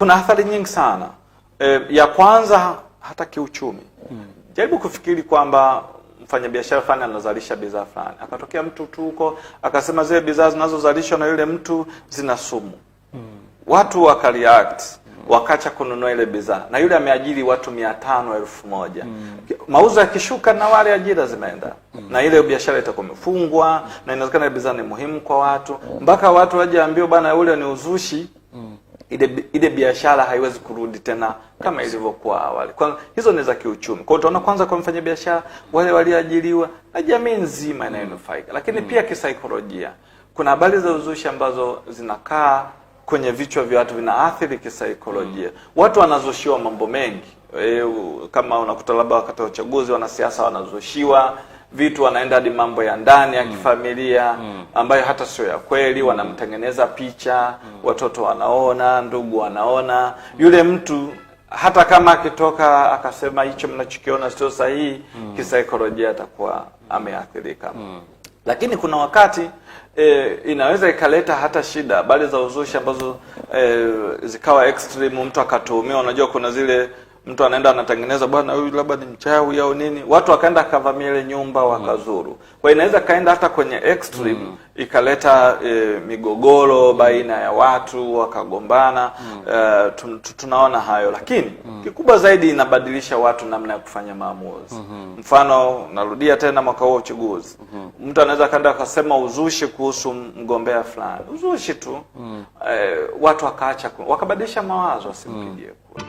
Kuna athari nyingi sana e, ya kwanza hata kiuchumi hmm. Jaribu kufikiri kwamba mfanyabiashara fulani anazalisha bidhaa fulani, akatokea mtu tu huko akasema zile bidhaa zinazozalishwa na yule mtu zina sumu mm. Watu wakareact mm. Wakacha kununua ile bidhaa, na yule ameajiri watu mia tano elfu moja mm. Mauzo yakishuka na wale ajira zimeenda mm. na ile biashara itakuwa imefungwa mm. na inawezekana bidhaa ni muhimu kwa watu hmm. mpaka mm. watu waje ambiwe bana, ule ni uzushi mm ile ile biashara haiwezi kurudi tena kama ilivyokuwa awali. Kwa hizo ni za kiuchumi. Kwa utaona kwanza kwa mfanya biashara wale walioajiriwa na jamii nzima inayonufaika. Lakini mm. pia kisaikolojia. Kuna habari za uzushi ambazo zinakaa kwenye vichwa vya watu vinaathiri kisaikolojia. Mm. Watu wanazushiwa mambo mengi. E, kama unakuta labda wakati wa uchaguzi wanasiasa wanazushiwa vitu wanaenda hadi mambo ya ndani ya mm. kifamilia mm. ambayo hata sio ya kweli, mm. wanamtengeneza picha mm. watoto wanaona, ndugu wanaona mm. yule mtu hata kama akitoka akasema hicho mnachokiona sio sahihi mm. kisaikolojia atakuwa mm. ameathirika mm. Lakini kuna wakati e, inaweza ikaleta hata shida, bali za uzushi ambazo e, zikawa extreme, mtu akatuhumiwa. Unajua kuna zile mtu anaenda anatengeneza, bwana huyu labda ni mchawi au nini, watu wakaenda akavamia ile nyumba wakazuru. Kwa inaweza kaenda hata kwenye extreme mm. ikaleta e, migogoro mm. baina ya watu wakagombana mm. E, tun, tunaona hayo, lakini mm. kikubwa zaidi inabadilisha watu namna ya kufanya maamuzi mm -hmm. Mfano, narudia tena mwaka huo uchaguzi mm -hmm. mtu anaweza kaenda akasema uzushi kuhusu mgombea fulani, uzushi tu mm. E, watu wakaacha wakabadilisha mawazo asimpigie mm. kura